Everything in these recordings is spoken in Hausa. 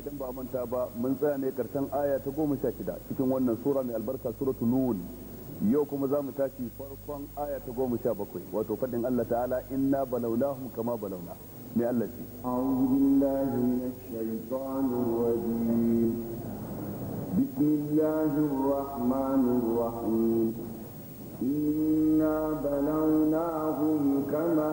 idan ba manta ba mun tsaya ne karshen aya ta goma sha shida cikin wannan sura mai albarka suratu nun yau kuma za mu tashi farkon aya ta goma sha bakwai wato faɗin Allah ta'ala inna balaunahum kama balauna mai Allah ce أعوذ بالله من الشيطان الرجيم بسم الله الرحمن الرحيم إنا بلوناهم كما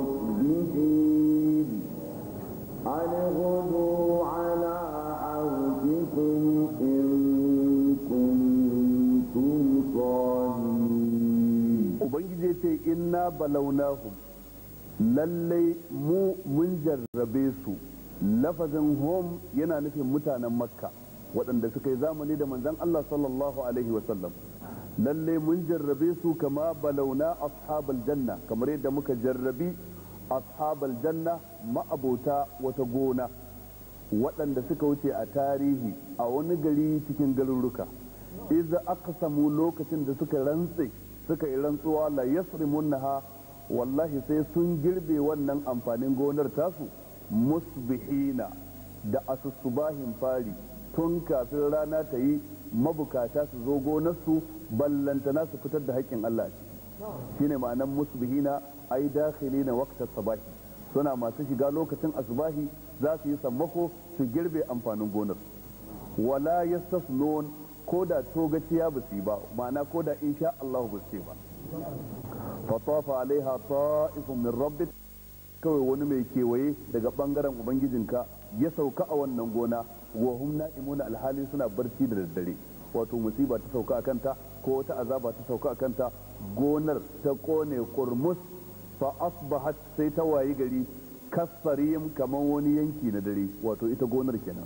ubangiji ya ce inna balaunahum lallai mu mun jarrabe su lafazin hom yana nufin mutanen makka waɗanda suka yi zamani da manzan Allah sallallahu alaihi wasallam lallai mun jarrabe su kama balauna ashabal janna kamar yadda muka jarrabi ashabal janna ma'abota wata gona waɗanda suka wuce a tarihi a wani gari cikin garuruka iza aka samu lokacin da suka rantse suka yi rantsuwa la yasrimunnaha wallahi sai sun girbe wannan amfanin gonar tasu musbihina da asusubahin fari tun kafin rana ta yi mabukata su zo gonarsu ballantana su fitar da haƙƙin Allah shine ma'anan musbihina ai na waqtas sabahi suna masu shiga lokacin asbahi za su yi sammako su girbe amfanin gonar wala yastasnun ko da ciya ba su yi ba ma'ana ko da insha Allah ba su yi ba fa tafa alaiha ta'ifun min rabbik kawai wani mai kewaye daga bangaren ubangijinka ya sauka a wannan gona wa hum na'imuna alhali suna barci da daddare wato musiba ta sauka a kanta ko wata azaba ta sauka a kanta gonar ta kone kurmus fa asbahat sai ta wayi gari yin kamar wani yanki na dare wato ita gonar kenan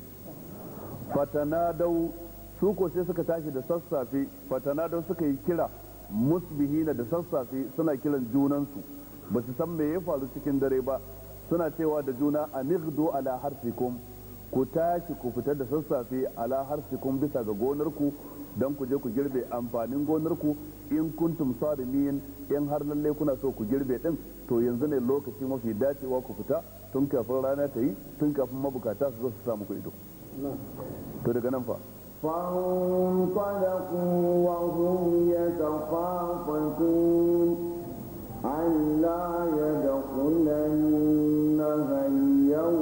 fatanadau su ko sai suka tashi da sassafe fatanadau suka yi kira musbihina da sassafe suna kiran junansu ba su san me ya faru cikin dare ba suna cewa da juna amigdu ala harfikum ku tashi ku fita da sassafe ala harsikun bisa ga gonarku don ku je ku girbe amfanin gonarku in kuntum sadimin in har lalle kuna so ku girbe din to yanzu ne lokaci mafi dacewa ku fita tun kafin rana ta yi tun kafin mabukata su zo su samu ku ido to daga nan fa فانطلقوا وهم يتخافتون na zai yau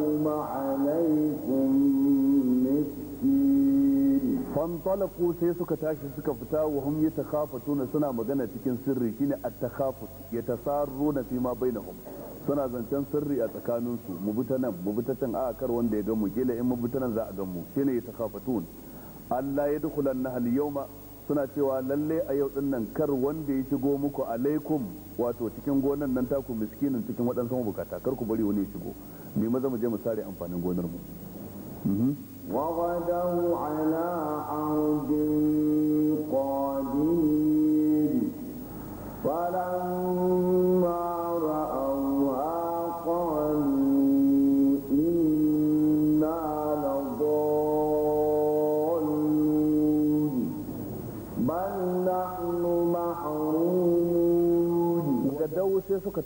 fanfalaku sai suka tashi suka fita wa hum yatakhafatuna suna magana cikin sirri shine at-takhafut yatasarruna fi ma bainahum suna zancen sirri a tsakanin su mu bi ta nan mu bi ta can a kar wanda ya ga mu in mu bi ta nan za a ga mu shine yatakhafatun Allah ya dukhulanna hal yawma suna cewa lallai a yau din nan kar wanda ya shigo muku alaikum wato cikin gonan nan taku miskinin cikin waɗansu bukata kar ku bari wani ya shigo ni maza mu je mu sare amfanin gonar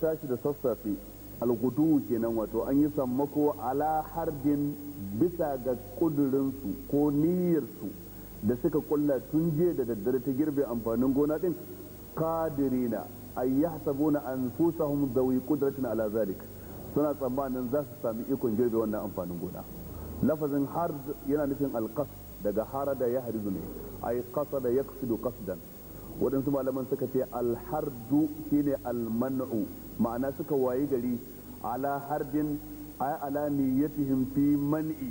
tashi da sassafe algudu kenan wato an yi sammako ala harbin bisa ga ƙudurinsu ko niyyarsu da suka kulla tun je da daddare ta girbe amfanin gona din kadirina ay yahsabuna anfusahum dawi qudratin ala zalik suna tsammanin za su sami ikon girbe wannan amfanin gona lafazin har yana nufin alqas daga hara da ya harizu ne ay qasada yaqsidu qasdan waɗansu malaman suka ce alhardu shine alman'u ma'ana suka wayi gari ala harbin ay ala niyyatihim fi man'i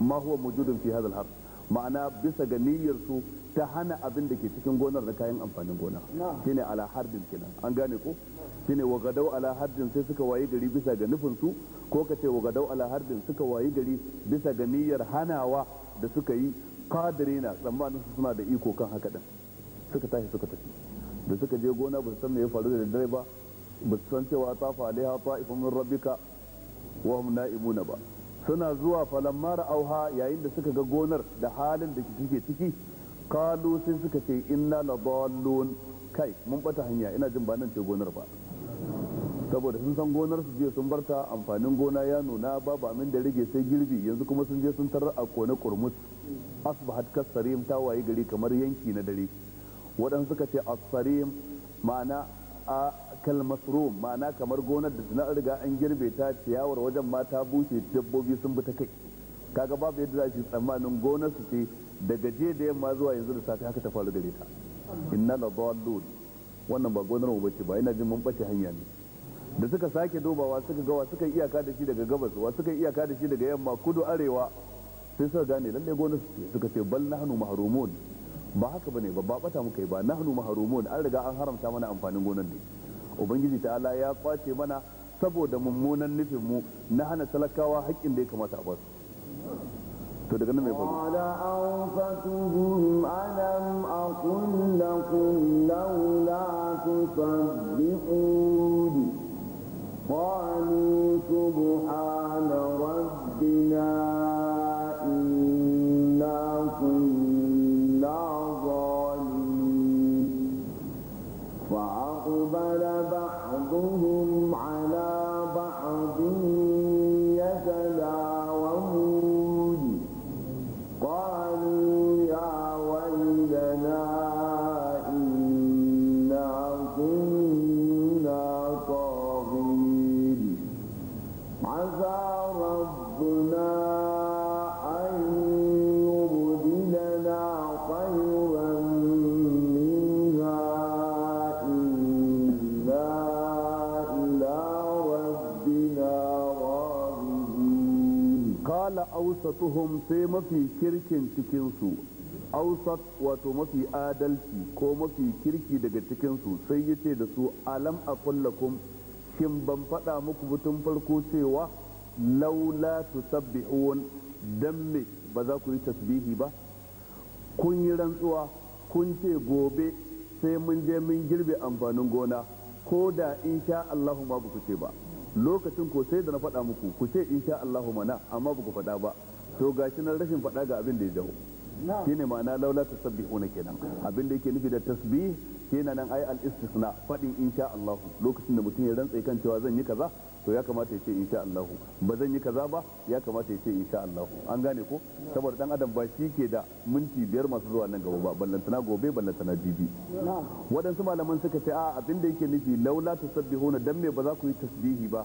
ma huwa mujudun fi hadha al-harb ma'ana bisa ga niyyar su ta hana abin da ke cikin gonar da kayan amfanin gona shine ala harbin kenan an gane ko shine wa gadau ala harbin sai suka wayi gari bisa ga nufin su ko ka ce wa gadau ala harbin suka wayi gari bisa ga niyyar hanawa da suka yi kadirina tsammanin su suna da iko kan haka din suka tashi suka tafi da suka je gona ba su san me ya faru da dare ba ba san cewa ta fali ha ta'ifun min rabbika wa hum na'imuna ba suna zuwa falamma auha yayin da suka ga gonar da halin da kike ciki kalu sai suka ce inna la dallun kai mun bata hanya ina jin ba nan ce gonar ba saboda sun san gonar su je sun barta amfanin gona ya nuna babu amin da rage sai girbi yanzu kuma sun je sun tarar a kone kurmus asbahat kasarim ta waye gari kamar yanki na dare waɗansu suka ce asarim ma'ana a kalmasrum ma'ana kamar gonar da na riga an girbe ta ciyawar wajen ma ta bushe dabbobi sun bi ta kai kaga babu yadda za su tsammanin gonar su ce daga je da yamma zuwa yanzu da safe haka ta faru gare ta inna la dallun wannan ba gonar mu bace ba ina jin mun bace hanya ne da suka sake dubawa suka wa suka iyaka da shi daga gabas wa suka iyaka da shi daga yamma kudu arewa sai suka gane lalle gonar su ce suka ce bal nahnu mahrumun ba haka bane ba ba bata muka yi ba nahnu mahrumun an riga an haramta mana amfanin gonan ne ubangiji ta'ala ya kwace mana saboda mummunan nufin mu na hana talakawa haƙƙin da ya kamata a basu to daga nan mai faru qala awfatuhum alam aqul lakum laula tusabbihun qalu subhana rabbina أقبل بعضهم على ausatuhum sai mafi kirkin cikinsu ausat wato mafi adalci ko mafi kirki daga cikinsu sai yace da su alam a kullakum shin ban faɗa muku mutum farko cewa laula tusabbihun dan me ba za ku yi tasbihi ba kun yi rantsuwa kun ce gobe sai mun je mun girbe amfanin gona ko da insha Allahu ma ba ku ce ba lokacin ko sai da na faɗa muku ku ce insha Allahu mana amma ba ku faɗa ba to gashi nan rashin faɗa ga abin da ya jawo shine ma'ana laula tasabbihuna kenan abin da yake nufi da tasbih kenan nan ai al-istisna faɗin insha Allahu lokacin da mutum ya rantsa kan cewa zan yi kaza to ya kamata ya ce insha Allah ba zan yi kaza ba ya kamata ya ce insha Allah an gane ko saboda dan adam ba shi ke da minti biyar masu zuwa nan gaba ba ballantana gobe ballantana bibi. waɗansu malaman suka ce a abin da yake nufi laula ta tusabbihuna dan me ba za ku yi tasbihi ba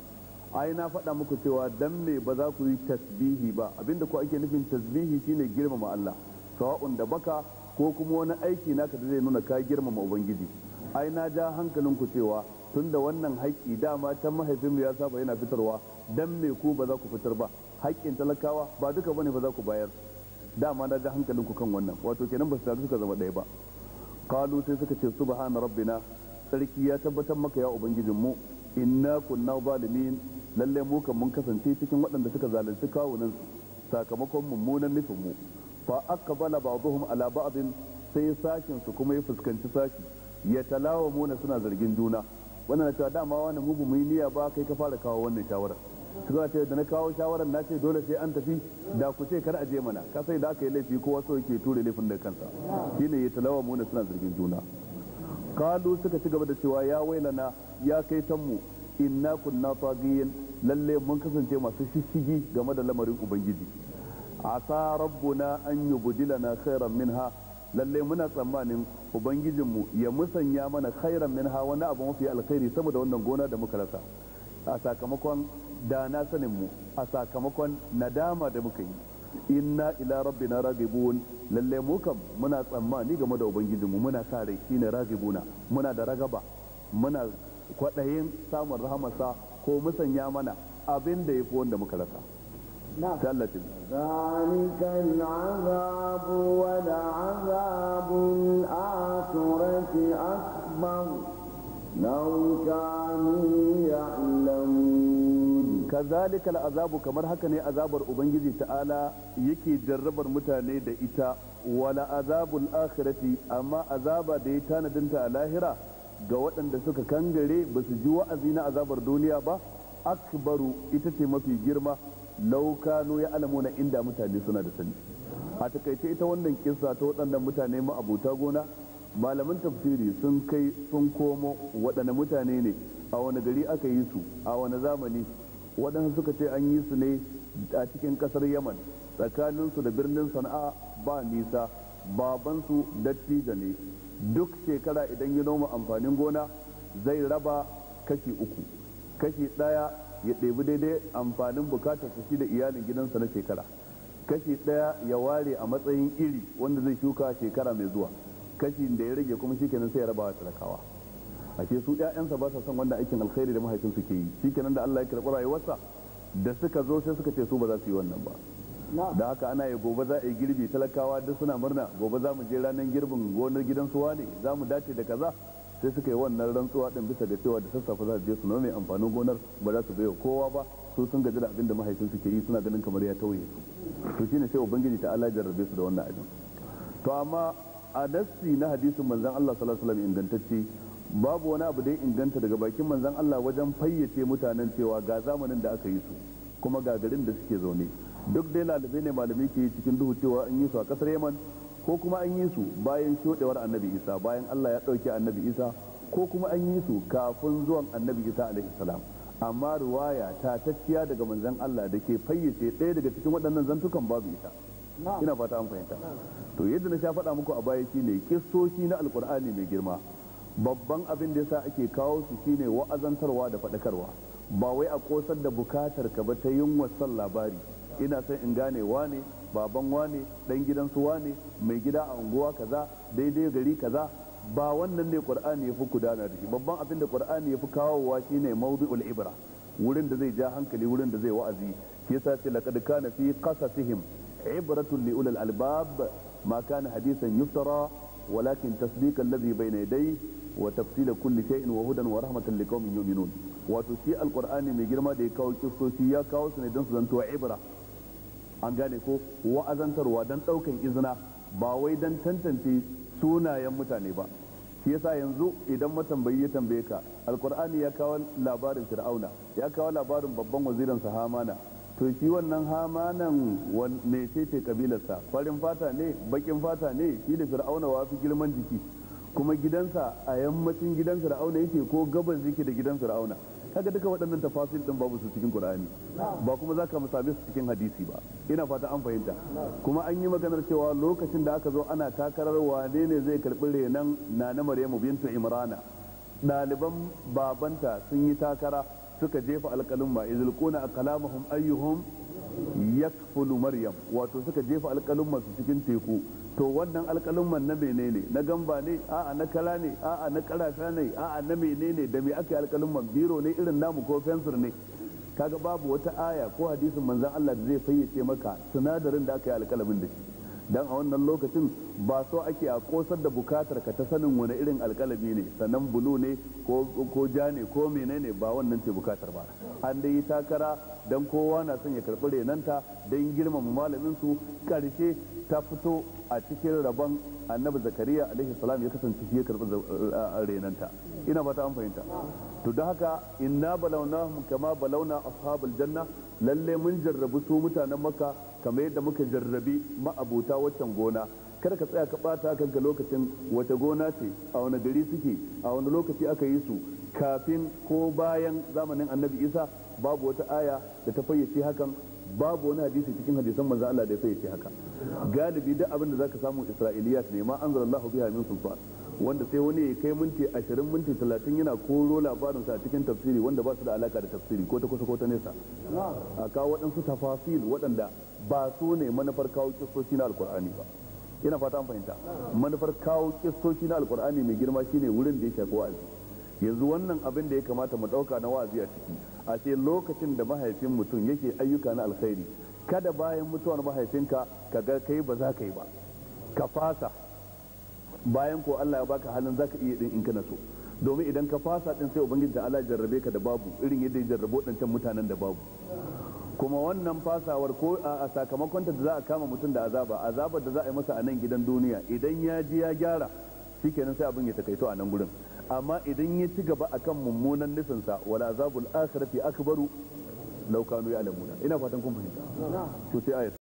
ai na faɗa muku cewa dan me ba za ku yi tasbihi ba abinda ko ake nufin tasbihi shine girmama Allah sawa'un da baka ko kuma wani aiki naka da zai nuna ka girmama ubangiji ai na ja hankalinku cewa tun da wannan haƙƙi dama ta mahaifinmu ya saba yana fitarwa dan me ku ba za ku fitar ba haƙƙin talakawa ba duka bane ba za ku bayar dama na da hankalin ku kan wannan wato kenan ba su tafi suka zama ɗaya ba kalu sai suka ce subhana rabbina sarki ya tabbatar maka ya ubangijin mu inna kunna zalimin lalle mu kan mun kasance cikin waɗanda suka zalunci kawunan sakamakon mummunan nufin mu fa aqbala ba'dhum ala ba'd sai sashin su kuma ya fuskanci sashi ya talawa muna suna zargin juna wannan na cewa dama wani mugu mu yi niyya ba kai ka fara kawo wannan shawarar su zuwa ce da na kawo shawarar na ce dole sai an tafi da ku ce kar a je mana ka sai da aka yi laifi ko wasu yake ture laifin da kansa ne ya talawa mu suna zargin juna kalu suka ci gaba da cewa ya wailana ya kai tan tanmu inna kunna tagiyin lalle mun kasance masu shishigi game da lamarin ubangiji asa rabbuna an yubdilana khairan minha lallai muna tsammanin ubangijinmu ya musanya mana khairan min ha wani abu mafi alkhairi sama da wannan gona da muka rasa a sakamakon da na sanin mu a sakamakon nadama da muka yi inna ila rabbina ragibun lalle mu kam muna tsammani game da ubangijinmu muna sa rai shine ragibuna muna da ragaba muna kwaɗayin samun rahamarsa ko musanya mana abin da yafi wanda muka rasa ta Allah ta zalikal azabu wa da azabul akhirati akbar law kanu ya'lamun azabu kamar haka ne azabar ubangiji ta'ala yake jarrabar mutane da ita wala azabul akhirati amma azaba da ya tanadinta a lahira ga waɗanda suka kangare ba su ji wa'azi na azabar duniya ba akbaru ita ce mafi girma laukano ya alamo na inda mutane suna da sani a takaice ita wannan kisa ta waɗannan mutane ma'abuta gona malaman tafsiri sun kai sun komo waɗanne mutane ne a wani gari aka yi su a wani zamani waɗanda suka ce an yi su ne a cikin ƙasar yaman tsakaninsu da birnin sana'a ba nisa babansu dattijo ne duk shekara idan ya noma amfanin gona zai raba kashi uku kashi ɗaya ya ɗebi daidai amfanin bukatar su da iyalin gidansa na shekara kashi ɗaya ya ware a matsayin iri wanda zai shuka shekara mai zuwa kashi da ya rage kuma shikenan sai ya rabawa talakawa a ce su ƴaƴansa ba sa son wanda aikin alkhairi da mahaifin ke yi shikenan da Allah ya karɓi wasa da suka zo sai suka ce su ba za su yi wannan ba da haka ana yi gobe za a yi girbi talakawa duk suna murna gobe za mu je ranar girbin gonar gidan suwa ne za mu dace da kaza sai suka yi wannan rantsuwa din bisa ga cewa da sassafe za su je su nome amfanin gonar ba za su bai kowa ba su sun gaji da abin da mahaifin suke yi suna ganin kamar ya tauye su to shine sai ubangiji ta Allah jarrabe su da wannan abin to amma a nassi na hadisin manzon Allah sallallahu alaihi ingantacce babu wani abu da ya inganta daga bakin manzan Allah wajen fayyace mutanen cewa ga zamanin da aka yi su kuma ga garin da suke zaune duk dai lalibai ne malami ke yi cikin duhu cewa an yi su a kasar Yaman ko kuma an yi su bayan shodewar annabi isa bayan allah ya ɗauki annabi isa ko kuma an yi su kafin zuwan annabi isa alaihi salam amma ruwaya ta tafiya daga manzon allah da ke fayyace ɗaya daga cikin waɗannan zantukan babu ita ina fata an fahimta to yadda na sha faɗa muku a baya shine kissoshi na alkur'ani mai girma babban abin da yasa ake kawo su shine wa'azantarwa da faɗakarwa ba wai a kosar da bukatar ka ba ta yunwa son labari ina son in gane ne. baban wane dan gidan su wane mai gida a unguwa kaza daidai gari kaza ba wannan ne qur'ani ya fi gudana da shi babban abin da qur'ani ya fi kawowa shine mawdu'ul ibra wurin da zai ja hankali wurin da zai wa'azi shi yasa ce laqad kana fi qasasihim ibratun li ulil albab ma kana hadisan yuftara walakin tasdiq alladhi bayna yadayhi wa tafsila kulli shay'in wa hudan wa rahmatan liqaumin yu'minun wato shi alqur'ani mai girma da ya kawo kissoci ya kawo su ne don su zanto ibra an gane ko wa'azantarwa don ɗaukan izina ba wai don tantance sunayen mutane ba shi yasa yanzu idan matambayi ya tambaye ka alkur'ani ya kawo labarin fir'auna ya kawo labarin babban wazirin sa hamana to shi wannan hamanan me ce ce kabilarsa farin fata ne bakin fata ne shi da fir'auna wa fi girman jiki kuma gidansa a yammacin gidan fir'auna yake ko gabas yake da gidan fir'auna kaga duka waɗannan tafasil ɗin babu su cikin qur'ani ba kuma za ka same su cikin hadisi ba ina fata an fahimta kuma an yi maganar cewa lokacin da aka zo ana takarar wane ne zai karɓi renan nana maryamu bintu imrana ɗaliban babanta sun yi takara suka jefa alƙalin ma izil kuna a kalamahum ayyuhum yakfulu maryam wato suka jefa alƙalin masu cikin teku to wannan alƙalumman na menene na gamba ne a'a na kala ne a'a na karafa ne a'a na menene da me aka yi alƙalumman biro ne irin namu ko fensir ne kaga babu wata aya ko hadisin manzon Allah da zai fayyace maka sinadarin da aka yi alkalamin da shi dan a wannan lokacin ba so ake a kosar da bukatar ka ta sanin wani irin alkalami ne sannan bulu ne ko ja ne ko menene ba wannan ce bukatar ba an dai takara dan kowa na son ya karɓi renanta dan girmama malamin su karshe ta fito a cikin rabon annabi zakariya alaihi salam ya kasance shi ya karbi renanta ina fata an fahimta to da haka inna balauna kama balawna ashabul janna lalle mun jarrabu su mutanen maka kamar yadda muka jarrabi ma'abuta waccan gona kar ka tsaya ka bata kanka lokacin wata gona ce a wani gari suke a wani lokaci aka yi su kafin ko bayan zamanin annabi isa babu wata aya da ta fayyace hakan babu wani hadisi cikin hadisan manzo Allah da sai ce haka galibi duk abin da zaka samu isra'iliyat ne ma anzalallahu biha min sultan wanda sai wani ya kai minti 20 minti 30 yana koro labarin sa a cikin tafsiri wanda ba su da alaka da tafsiri ko ta kusa ko ta nesa a kawo waɗansu tafasil waɗanda ba su ne manufar kawo kistoci na alkur'ani ba ina fata an fahimta manufar kawo kistoci na alkur'ani mai girma shine wurin da ya shafi wa'azi yanzu wannan abin da ya kamata mu ɗauka na wa'azi a ciki a ce lokacin da mahaifin mutum yake ayyuka na alkhairi kada bayan mutuwar mahaifinka ka ga kai ba za ka yi ba ka fasa bayan ko Allah ya baka halin za ka iya din in kana so domin idan ka fasa din sai ubangiji ta Allah jarrabe ka da babu irin yadda ya jarrabo dancan mutanen da babu kuma wannan fasawar ko a sakamakon ta da za a kama mutum da azaba azabar da za a yi masa a nan gidan duniya idan ya ji ya gyara shikenan sai abin ya takaito a nan gurin amma idan ya ci gaba akan mummunan nufinsa wala azabul akhirati akbaru law kanu ya'lamuna ina fatan kun fahimta to sai